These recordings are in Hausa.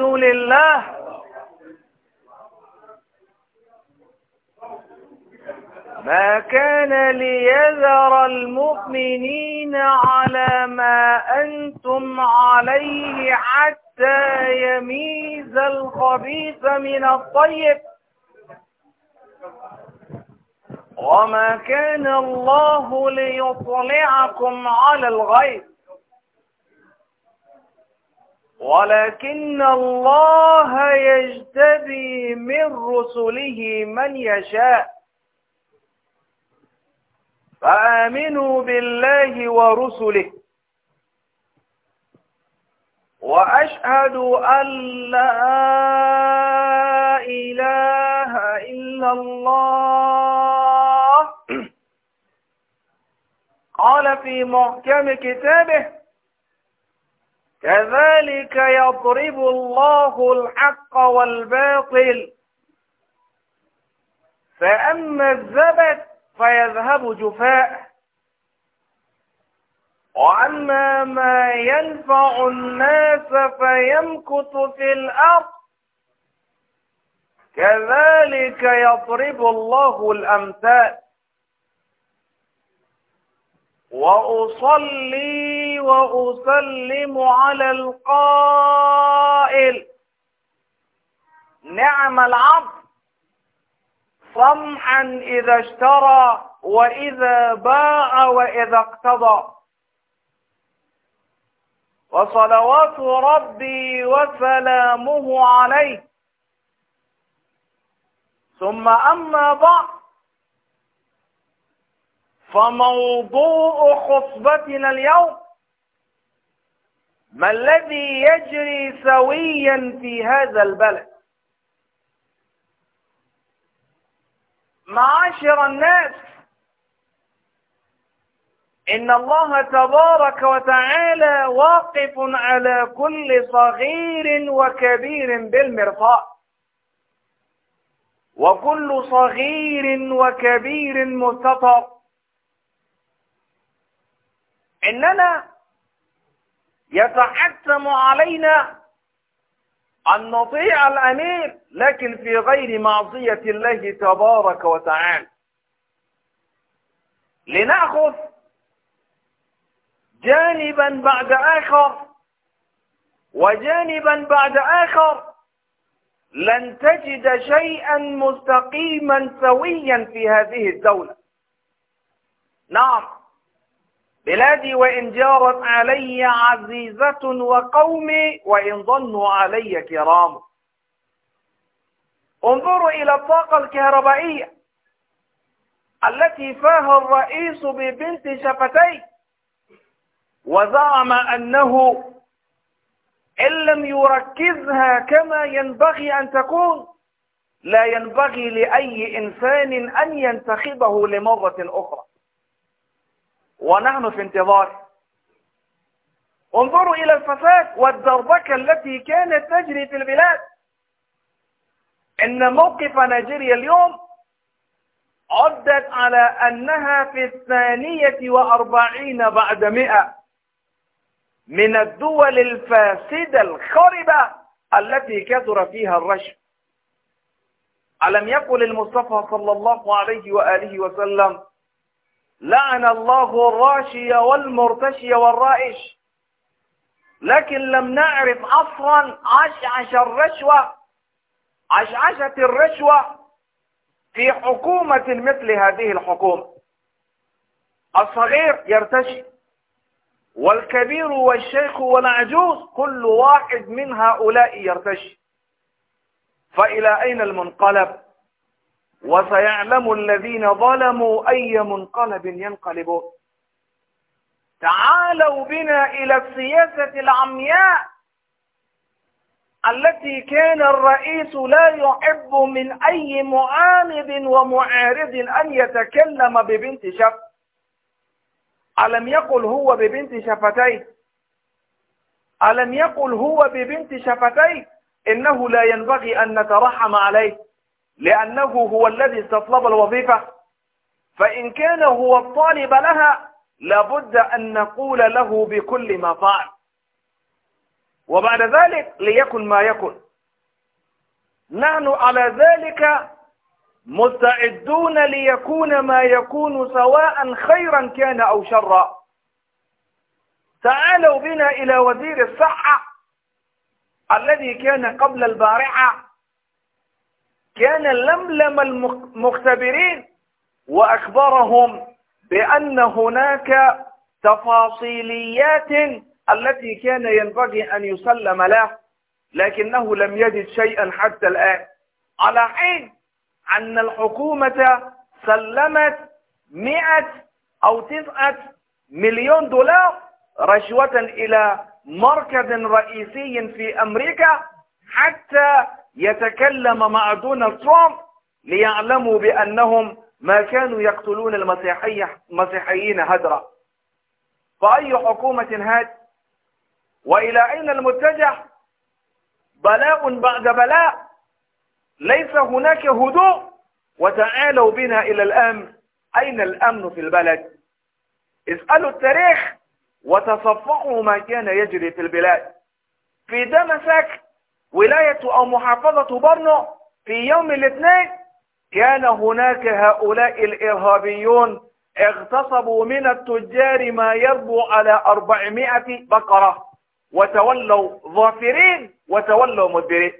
الحمد لله ما كان ليذر المؤمنين على ما أنتم عليه حتى يميز الخبيث من الطيب وما كان الله ليطلعكم على الغيب ولكن الله يجتبي من رسله من يشاء فآمنوا بالله ورسله وأشهد أن لا إله إلا الله قال في محكم كتابه كذلك يضرب الله الحق والباطل فأما الزبد فيذهب جفاء وأما ما ينفع الناس فيمكث في الأرض كذلك يضرب الله الأمثال وأصلي وأسلم على القائل نعم العبد صمحا إذا اشترى وإذا باع وإذا اقتضى وصلوات ربي وسلامه عليه ثم أما بعد فموضوع خطبتنا اليوم ما الذي يجري سويا في هذا البلد معاشر الناس إن الله تبارك وتعالى واقف على كل صغير وكبير بالمرصاد وكل صغير وكبير مستطر إننا يتحتم علينا أن نطيع الأمير لكن في غير معصية الله تبارك وتعالى لنأخذ جانبا بعد آخر وجانبا بعد آخر لن تجد شيئا مستقيما سويا في هذه الدولة نعم بلادي وإن جارت علي عزيزة وقومي وإن ظنوا علي كرام انظروا إلى الطاقة الكهربائية التي فاها الرئيس ببنت شفتيه وزعم أنه إن لم يركزها كما ينبغي أن تكون لا ينبغي لأي إنسان أن ينتخبه لمرة أخرى ونحن في انتظار انظروا إلى الفساد والدربكة التي كانت تجري في البلاد إن موقف نيجيريا اليوم عدت على أنها في الثانية وأربعين بعد مئة من الدول الفاسدة الخربة التي كثر فيها الرشد ألم يقل المصطفى صلى الله عليه وآله وسلم لعن الله الراشي والمرتشي والرائش لكن لم نعرف أصلا عشعش الرشوة عشعشة الرشوة في حكومة مثل هذه الحكومة الصغير يرتشي والكبير والشيخ والعجوز كل واحد من هؤلاء يرتشي فإلى أين المنقلب وسيعلم الذين ظلموا أي منقلب ينقلبون تعالوا بنا إلى السياسة العمياء التي كان الرئيس لا يحب من أي معاند ومعارض أن يتكلم ببنت شف ألم يقل هو ببنت شفتيه ألم يقل هو ببنت شفتيه إنه لا ينبغي أن نترحم عليه لأنه هو الذي استطلب الوظيفة فإن كان هو الطالب لها لابد أن نقول له بكل ما فعل وبعد ذلك ليكن ما يكن نحن على ذلك مستعدون ليكون ما يكون سواء خيرا كان أو شرا تعالوا بنا إلى وزير الصحة الذي كان قبل البارحة كان لملم المختبرين وأخبرهم بأن هناك تفاصيليات التي كان ينبغي أن يسلم له لكنه لم يجد شيئا حتى الآن على حين أن الحكومة سلمت مئة أو تسعة مليون دولار رشوة إلى مركز رئيسي في أمريكا حتى يتكلم مع دونالد ترامب ليعلموا بأنهم ما كانوا يقتلون المسيحيين هدرا فأي حكومة هاد وإلى أين المتجه بلاء بعد بلاء ليس هناك هدوء وتعالوا بنا إلى الأمن أين الأمن في البلد اسألوا التاريخ وتصفحوا ما كان يجري في البلاد في دمشق ولاية أو محافظة برنو في يوم الاثنين كان هناك هؤلاء الإرهابيون اغتصبوا من التجار ما يربو على أربعمائة بقرة وتولوا ظافرين وتولوا مدبرين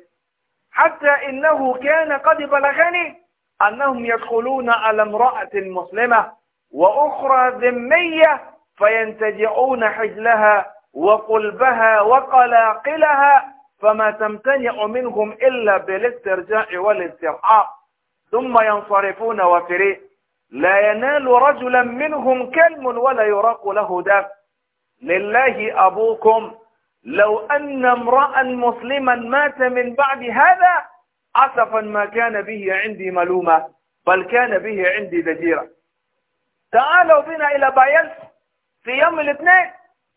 حتى إنه كان قد بلغني أنهم يدخلون على امرأة مسلمة وأخرى ذمية فينتجعون حجلها وقلبها وقلاقلها فما تمتنع منهم إلا بالاسترجاع والاسترعاب ثم ينصرفون وفري لا ينال رجلا منهم كلم ولا يراق له دم لله أبوكم لو أن امرأ مسلما مات من بعد هذا أسفا ما كان به عندي ملومة بل كان به عندي زجيرة تعالوا بنا إلى بايلس في يوم الاثنين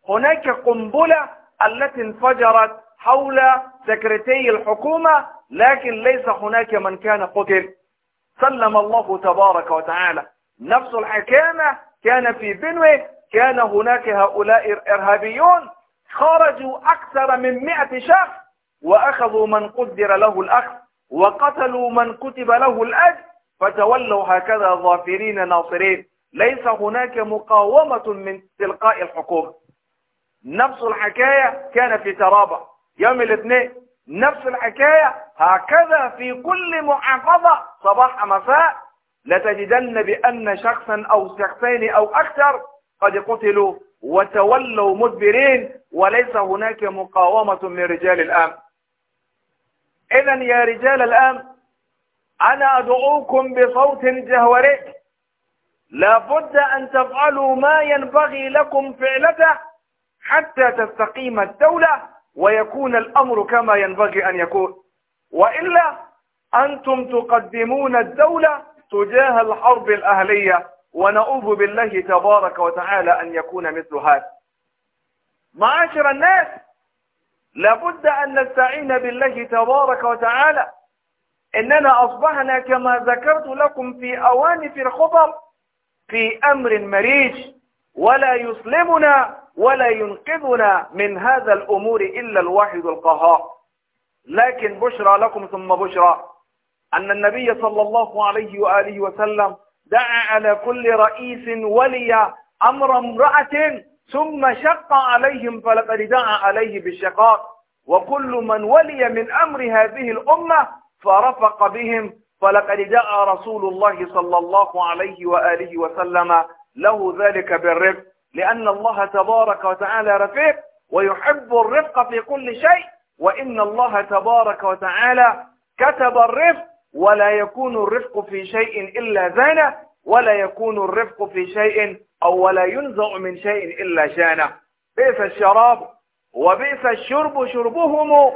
هناك قنبلة التي انفجرت حول سكرتي الحكومة لكن ليس هناك من كان قتل سلم الله تبارك وتعالى نفس الحكامة كان في بنوه كان هناك هؤلاء الإرهابيون خرجوا أكثر من مئة شخص وأخذوا من قدر له الأخذ وقتلوا من كتب له الأجر فتولوا هكذا ظافرين ناصرين ليس هناك مقاومة من تلقاء الحكومة نفس الحكاية كان في ترابة يوم الاثنين نفس الحكاية هكذا في كل محافظة صباح مساء لتجدن بأن شخصا أو شخصين أو أكثر قد قتلوا وتولوا مدبرين وليس هناك مقاومة من رجال الأمن إذا يا رجال الأمن أنا أدعوكم بصوت جهوري لابد أن تفعلوا ما ينبغي لكم فعلته حتى تستقيم الدولة ويكون الأمر كما ينبغي أن يكون وإلا أنتم تقدمون الدولة تجاه الحرب الأهلية ونعوذ بالله تبارك وتعالى أن يكون مثل هذا معاشر الناس لابد أن نستعين بالله تبارك وتعالى إننا أصبحنا كما ذكرت لكم في في الخطب في أمر مريج ولا يسلمنا ولا ينقذنا من هذا الأمور إلا الواحد القهار لكن بشرى لكم ثم بشرى أن النبي صلى الله عليه وآله وسلم دعا على كل رئيس ولي أمر امرأة ثم شق عليهم فلقد دعا عليه بالشقاء وكل من ولي من أمر هذه الأمة فرفق بهم فلقد دعا رسول الله صلى الله عليه وآله وسلم له ذلك بالرفق لأن الله تبارك وتعالى رفيق ويحب الرفق في كل شيء وإن الله تبارك وتعالى كتب الرفق ولا يكون الرفق في شيء إلا زانه ولا يكون الرفق في شيء أو ولا ينزع من شيء إلا شانه بئس الشراب وبئس الشرب شربهم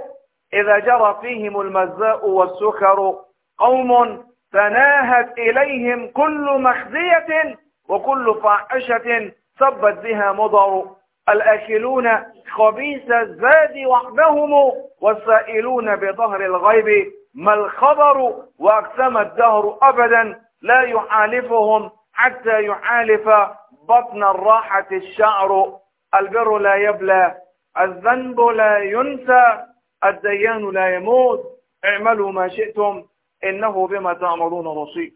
إذا جرى فيهم المزاء والسكر قوم تناهت إليهم كل مخزية وكل فاحشة سبت بها مضر الآكلون خبيث الزاد وحدهم والسائلون بظهر الغيب ما الخبر وأقسم الدهر أبدا لا يحالفهم حتى يحالف بطن الراحة الشعر البر لا يبلى الذنب لا ينسى الديان لا يموت اعملوا ما شئتم إنه بما تعملون بصير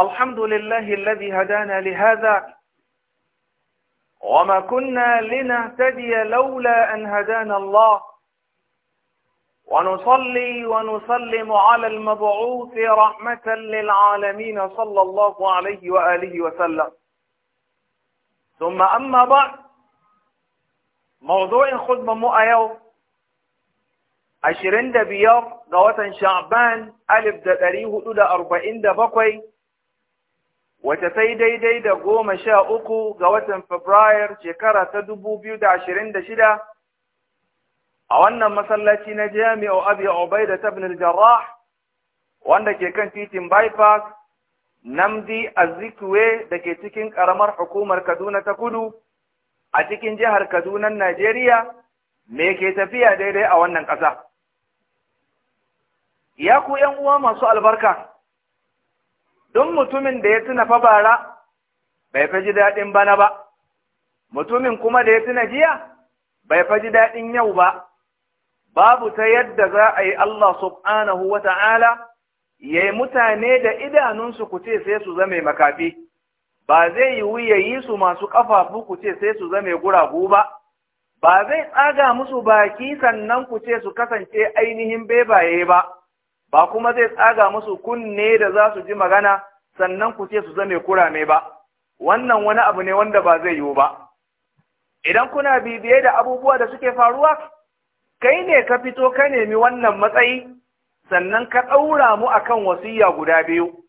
الحمد لله الذي هدانا لهذا وما كنا لنهتدي لولا أن هدانا الله ونصلي ونسلم على المبعوث رحمة للعالمين صلى الله عليه وآله وسلم ثم أما بعد موضوع خدمة مؤيو عشرين دبيار دواتا شعبان ألف دقريه أولى أربعين دبقوي wata sai daidai da goma sha uku ga watan Fabrair shekara ta dubu biyu da ashirin da shida a wannan masallaci na jami'o abu obai da tabnil jarrah wanda ke kan titin bypass namdi Zikwe da ke cikin ƙaramar hukumar kaduna ta kudu a cikin jihar kaduna najeriya me ke tafiya daidai a wannan ƙasa ya ku uwa masu albarka Don mutumin da ya tuna fa bara bai fa ji daɗin bana ba, mutumin kuma da ya tuna jiya bai fa ji daɗin yau ba, babu ta yadda za a yi Allah subhanahu wa ta'ala ya yi mutane da idanunsu ku ce sai su zame makafi, ba zai yiwu ya yi su masu ƙafafu ku ce sai su zame guragu ba, ba zai tsaga musu baki sannan ku ce su kasance ainihin bebaye ba. ba kuma zai tsaga musu kunne da za su ji magana sannan ku ce su zame kurame ba wannan wani abu ne wanda ba zai yiwu ba idan kuna bibiye da abubuwa da suke faruwa kai ne ka fito ka nemi wannan matsayi sannan ka ɗaura mu a kan wasiya guda biyu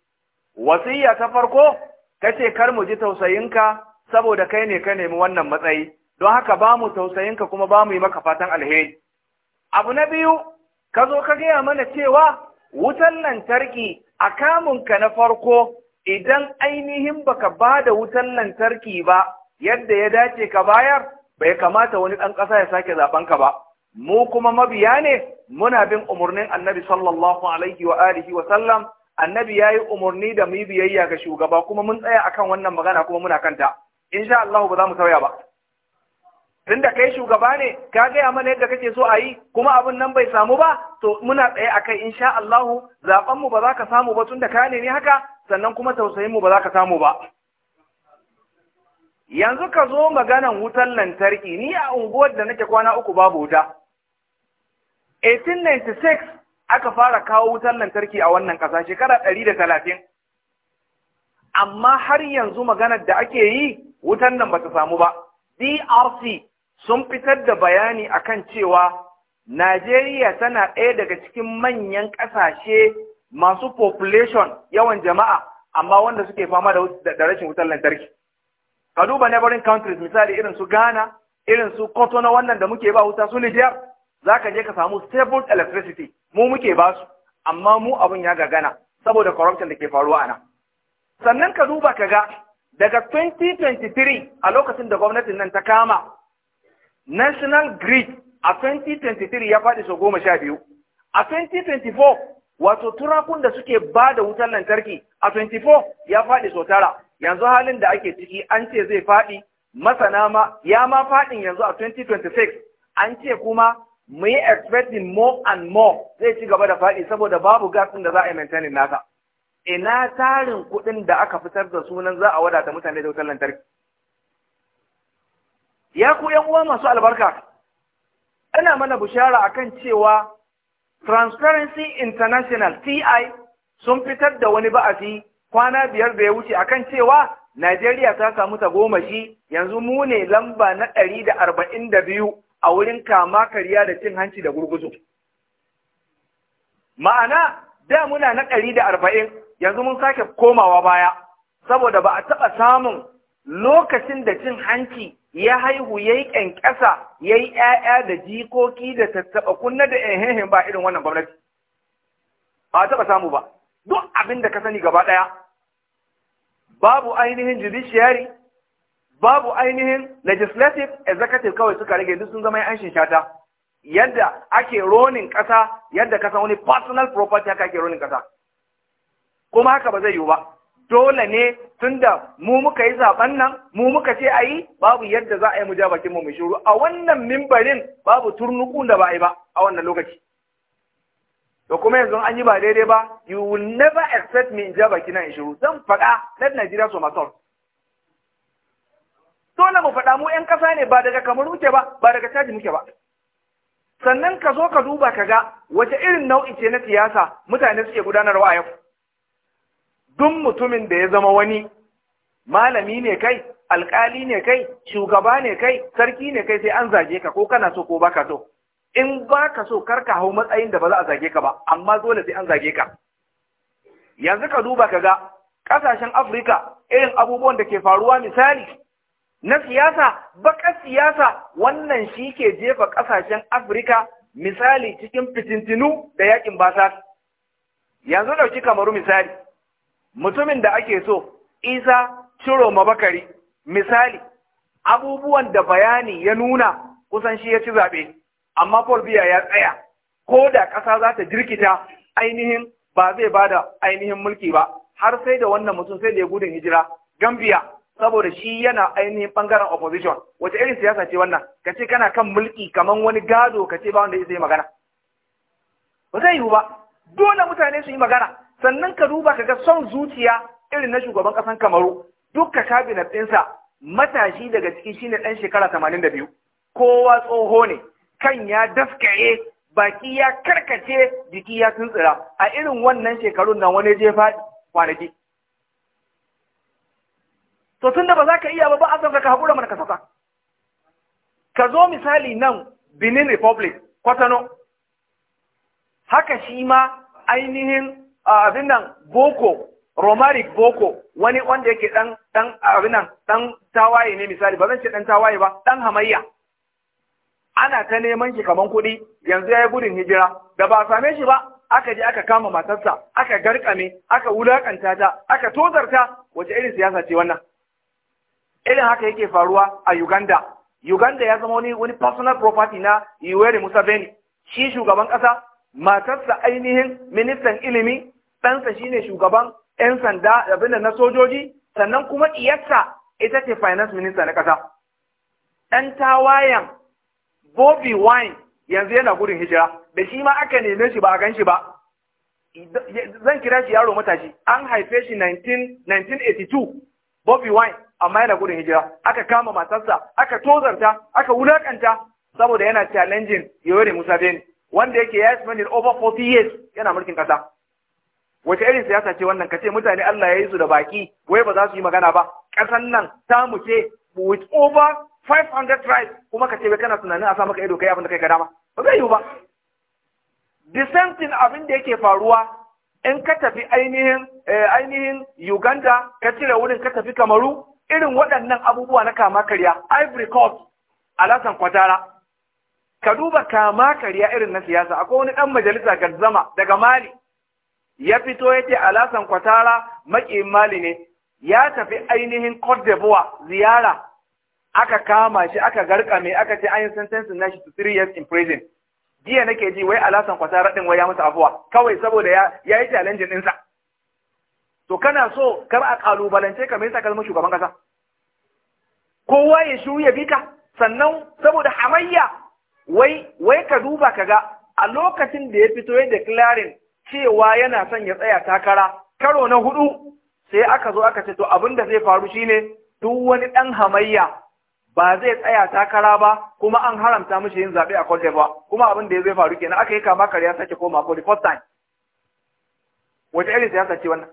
wasiya ta farko ka ce kar mu ji tausayinka saboda kai ne ka nemi wannan matsayi don haka ba mu tausayinka kuma ba mu yi maka fatan alheri abu na biyu ka zo ka gaya mana cewa wutan lantarki a kamunka na farko idan ainihin baka ba da wutan lantarki ba yadda ya dace ka bayar bai kamata wani ɗan ƙasa ya sake zaɓen ka ba mu kuma mabiya ne muna bin umarnin annabi sallallahu alaihi wa alihi wa sallam annabi yayi umarni da mu biyayya ga shugaba kuma mun tsaya akan wannan magana kuma muna kanta insha Allah ba za mu sauya ba tun da kai shugaba ne ka gaya mana yadda kake so a yi kuma abin nan bai samu ba to muna tsaye a kai insha Allahu zaben mu ba za ka samu ba tunda da ka ne haka sannan kuma tausayin mu ba za ka samu ba yanzu ka zo maganan wutar lantarki ni a unguwar da nake kwana uku babu wuta 1896 aka fara kawo wutar lantarki a wannan ƙasa shekara 130 amma har yanzu maganar da ake yi wutar nan ba ta samu ba DRC sun fitar da bayani akan cewa Najeriya tana ɗaya daga cikin manyan ƙasashe masu population yawan jama'a amma wanda suke fama da rashin wutar lantarki. Ka duba neighboring countries misali irin su Ghana, irin su Kotono wannan da muke ba wuta su Nijar, za ka je ka samu stable electricity mu muke ba su, amma mu abin ya gagana saboda corruption da ke faruwa a nan. Sannan ka duba ka ga daga 2023 a lokacin da gwamnatin nan ta kama national grid a 2023 ya faɗi sau goma sha biyu a 2024 wato turakun da suke ba da wutar lantarki a 24 ya faɗi sau tara yanzu halin da ake ciki an ce zai faɗi masana ma ya ma faɗin yanzu a 2026 an ce kuma mu yi expecting more and more zai ci gaba da faɗi saboda babu gas da za a yi maintaining nasa ina tarin kuɗin da aka fitar da sunan za a wadata mutane da wutar lantarki ya ku yan uwa masu albarka ina mana bishara akan cewa Transparency International TI sun fitar da wani ba'asi kwana biyar da ya wuce akan cewa Najeriya ta samu ta goma shi yanzu mu ne lamba na ɗari da arba'in da biyu a wurin kama karya da cin hanci da gurguzu. Ma'ana da muna na ɗari da arba'in yanzu mun sake komawa baya saboda ba a taɓa samun lokacin da cin hanci ya haihu ya yi ƙyanƙyasa ya yi ‘ya'ya da jikoki da tattaɓa kunna da ‘yanhenhen ba irin wannan gwamnati ba taɓa samu ba duk abin da ka sani gaba ɗaya babu ainihin judiciary babu ainihin legislative executive kawai suka rage duk sun zama yanshin shata yadda ake ronin ƙasa yadda kasan wani personal property haka ake ronin ƙasa kuma haka ba zai yiwu ba dole ne tunda mu muka yi zaben nan mu muka ce a yi babu yadda za a yi mu bakin mu mai shiru a wannan mimbarin babu turnuku da ba a yi ba a wannan lokaci da kuma yanzu an yi ba daidai ba you will never accept me in ja baki na in shiru zan faɗa let Nigeria so myself dole mu faɗa mu 'yan ƙasa ne ba daga kamar muke ba ba daga caji muke ba sannan ka zo ka duba ka ga wace irin nau'i ce na siyasa mutane suke gudanarwa a yau duk mutumin da ya zama wani malami ne kai alƙali ne kai shugaba ne kai sarki ne kai sai an zage ka ko kana so ko baka so in baka so kar ka hau matsayin da ba za a zage ka ba amma dole sai an zage ka yanzu ka duba ka ga ƙasashen Afirka irin abubuwan da ke faruwa misali na siyasa baka siyasa wannan shi ke jefa ƙasashen Afirka misali cikin fitintinu da yaƙin Basar. yanzu ɗauki kamaru misali mutumin da ake so isa ciro mabakari misali abubuwan da bayani ya nuna kusan shi ya ci zaɓe amma paul biya ya tsaya ko da ƙasa za ta jirkita ainihin ba zai ba da ainihin mulki ba har sai da wannan mutum sai da ya gudun hijira gambia saboda shi yana ainihin ɓangaren opposition wace irin siyasa ce wannan ka ce kana kan mulki kamar wani gado ka ce ba wanda ya yi magana ba zai yiwu ba dole mutane su yi magana sannan ka duba ka ga son zuciya irin na shugaban ƙasan kamaru dukka cabinet ɗinsa matashi daga ciki shine ɗan shekara tamanin da biyu kowa tsoho ne kan ya daskare baki ya karkace jiki ya tuntsira a irin wannan shekarun nan wani je faɗi kwanaki to tunda ba za ka iya ba ba a ka haƙura mana ka ka zo misali nan Benin Republic Kwatano haka shi ma ainihin abin nan boko romaric boko wani wanda yake dan dan abin nan dan tawaye ne misali ba zan ce dan tawaye ba dan hamayya ana ta neman shi kaman kuɗi yanzu ya yi gudun hijira da ba a same shi ba aka je aka kama matarsa aka garkame aka wulakanta ta aka tozarta wace irin siyasa ce wannan irin haka yake faruwa a Uganda Uganda ya zama wani wani personal property na Yoweri Museveni shi shugaban kasa matarsa ainihin ministan ilimi ɗansa shine shugaban 'yan sanda abin da na sojoji sannan kuma ɗiyarsa ita ce finance minister na ƙasa ɗan tawayen Bobby Wine yanzu yana gudun hijira da shi ma aka neme shi ba a gan shi ba zan kira shi yaro matashi an haife shi 1982 Bobby Wine amma yana gudun hijira aka kama matarsa aka tozarta aka wulakanta saboda yana challenging Yoweri Musa Beni wanda yake ya is over 40 years yana mulkin ƙasa. wace irin siyasa ce wannan kace mutane Allah ya yi su da baki wai ba za su yi magana ba Ƙasar nan ta mu ce with over 500 tribes kuma kace bai kana tunanin a sa maka ido kai abin da kai ka dama ba zai yiwu ba the abin da yake faruwa in ka tafi ainihin eh, ainihin Uganda ka cire wurin ka tafi Kamaru irin waɗannan abubuwa na kama karya Ivory Coast Alasan Kwatara ka duba kama karya irin na siyasa akwai wani ɗan majalisa garzama daga Mali ya fito ce alasan kwatara makiyin mali ne ya tafi ainihin Cote d'Ivoire ziyara aka kama shi aka garkame aka ce an yi na shi to three years in prison jiya nake ji wai alasan kwatara din wai ya masa afuwa kawai saboda ya yi din ɗinsa to kana so kar a kalubalance ka mai sa kalmar shugaban kasa kowa ya shiru ya bika sannan saboda hamayya wai ka duba kaga a lokacin da ya fito ya Clarin. cewa yana son ya tsaya takara karo na hudu sai aka zo aka ce to abin da zai faru shine duk wani ɗan hamayya ba zai tsaya takara ba kuma an haramta mishi yin zabe a Cote d'Ivoire kuma abin da zai faru kenan aka yi kama karya sake koma Cote first time wata irin siyasa ce wannan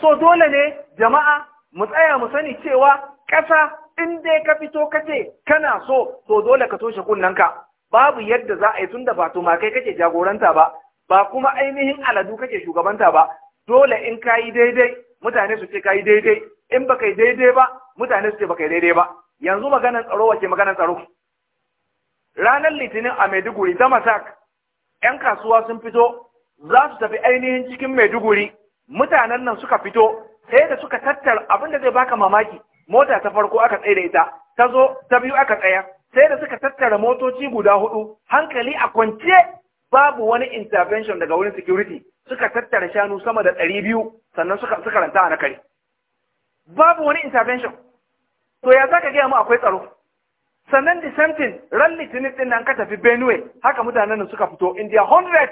so dole ne jama'a mu tsaya mu sani cewa ƙasa in dai ka fito ka ce kana so to dole ka toshe kunnanka babu yadda za a yi tunda ba to ma kai kake jagoranta ba ba kuma ainihin aladu kake shugabanta ba dole in ka yi daidai mutane su ce ka yi daidai in baka yi daidai ba mutane su ce baka yi daidai ba yanzu maganan tsaro wace maganan tsaro ranar litinin a maiduguri ta masak yan kasuwa sun fito za su tafi ainihin cikin maiduguri mutanen nan suka fito sai da suka tattara abin da zai baka mamaki mota ta farko aka tsaye da ita ta zo ta biyu aka tsaya sai da suka tattara motoci guda hudu hankali a kwance babu wani intervention daga wurin security suka tattara shanu sama da ɗari biyu sannan suka suka ranta a nakari babu wani intervention to ya zaka gaya mu akwai tsaro sannan dissenting ran litinin din nan ka tafi benue haka mutanen suka fito india hundred.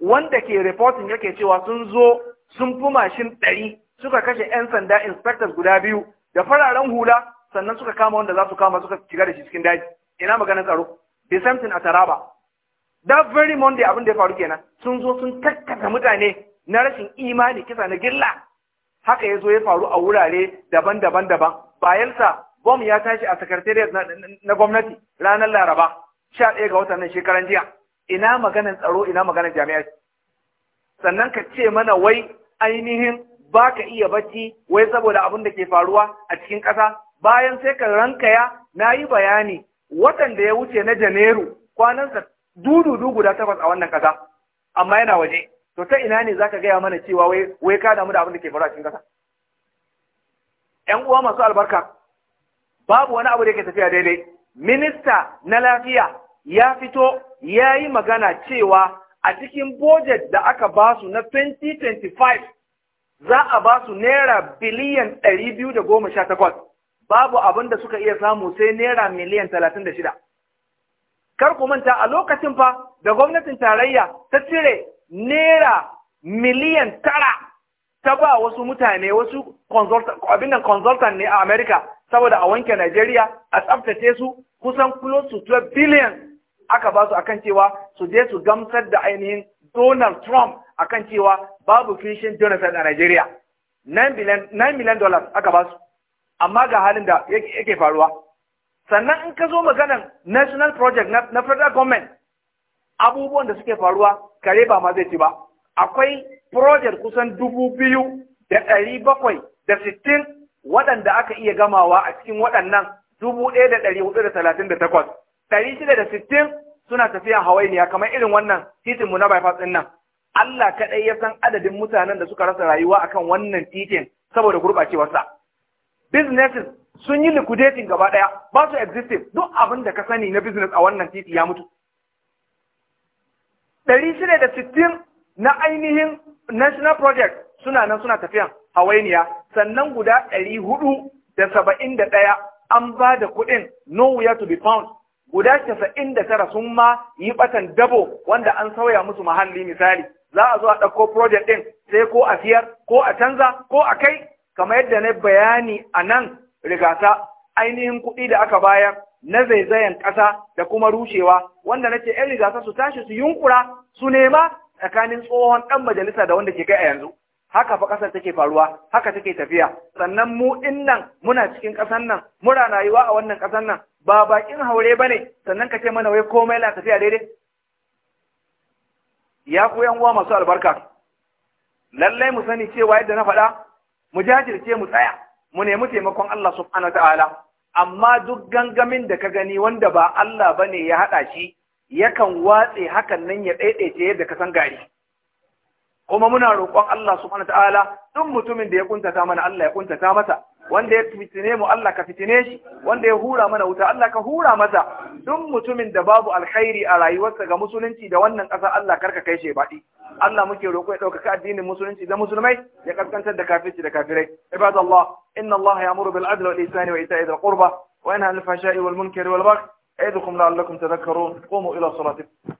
wanda ke reporting yake cewa sun zo sun fi mashin ɗari suka kashe 'yan sanda inspectors guda biyu da fararen hula sannan suka kama wanda za su kama suka shiga da shi cikin daji ina maganar tsaro dissenting a taraba that very monday abin da ya faru kenan sun zo sun takkata mutane na rashin imani kisa na gilla haka ya zo ya faru a wurare daban-daban daban bayansa bom ya tashi a sakatariyar na gwamnati ranar laraba sha ɗaya ga watan nan shekaran jiya ina maganar tsaro ina maganar jami'a sannan ka ce mana wai ainihin ba ka iya bacci wai saboda abin da ke faruwa a cikin ƙasa bayan sai ka rankaya na yi bayani watan da ya wuce na janairu kwanansa dududu guda takwas a wannan kasa, amma yana waje to ta ina ne zaka gaya mana cewa wai wai ka damu da abin da ke faru a cikin kasa? ƴan uwa masu albarka babu wani abu da yake tafiya daidai minista na lafiya ya fito ya yi magana cewa a cikin budget da aka ba su na 2025 za a ba su naira biliyan 218 babu abin da suka iya samu sai naira miliyan 36 kar ku manta a lokacin fa da gwamnatin tarayya ta cire naira miliyan tara ta ba wasu mutane wasu abin nan consultant ne a amerika saboda a wanke Najeriya a tsaftace su kusan close to 12 billion aka ba su akan cewa su je su gamsar da ainihin Donald Trump akan cewa babu fishin Jonathan a Najeriya 9 million dollars aka ba su amma ga halin da yake faruwa sannan in ka zo maganan national project na federal government abubuwan da suke faruwa kare ba ma zai ci ba akwai project kusan dubu biyu da ɗari bakwai da sittin waɗanda aka iya gamawa a cikin waɗannan dubu ɗaya da ɗari hudu da talatin da takwas ɗari shida da sittin suna tafiya hawainiya kamar irin wannan titinmu na bypass ɗin nan Allah kaɗai ya san adadin mutanen da suka rasa rayuwa akan wannan titin saboda gurɓacewarsa. Businesses sun yi liquidating gaba daya ba su existing duk abin da ka sani na business a wannan titi ya mutu shida da sittin na ainihin national project suna nan suna tafiyan hawainiya sannan guda ɗari ɗaya an ba da kuɗin nowhere to be found guda 99 sun ma yi batan dabo wanda an sauya musu muhalli misali za a zo a ɗauko project ɗin sai ko a siyar ko a canza ko a kai kamar yadda na bayani a nan rigata ainihin kuɗi da aka bayar na zaizayen ƙasa da kuma rushewa wanda na ce ‘yan rigata su tashi su yunkura su nema tsakanin tsohon ɗan majalisa da wanda ke kai a yanzu haka fa ƙasar take faruwa haka take tafiya sannan mu nan muna cikin ƙasar nan muna rayuwa a wannan ƙasar nan ba bakin haure ba ne, sannan ka ce mana wai komai na tafiya daidai ya ku yan uwa masu albarka lallai mu sani cewa yadda na faɗa mu jajirce mu tsaya mu nemi taimakon Allah subhanahu ta'ala amma duk gangamin da ka gani wanda ba Allah ba ne ya haɗa shi yakan watse hakan nan ya ɗaiɗaice yadda ka san gari kuma muna roƙon Allah subhanahu ta'ala duk mutumin da ya kuntata mana Allah ya kuntata masa wanda ya fitine mu Allah ka fitine shi wanda ya hura mana wuta Allah ka hura masa duk mutumin da babu alkhairi a rayuwarsa ga musulunci da wannan ƙasa Allah karka kai shi baɗi Allah muke roƙo ya ɗaukaka addinin musulunci da musulmai ya kaskantar da kafirci da kafirai ibadallah inna Allah ya'muru bil adli wal ihsani wa ita'i dhil qurba wa yanha 'anil fahsha'i wal munkari wal baghi a'idukum la'allakum tadhakkarun qumu ila salatikum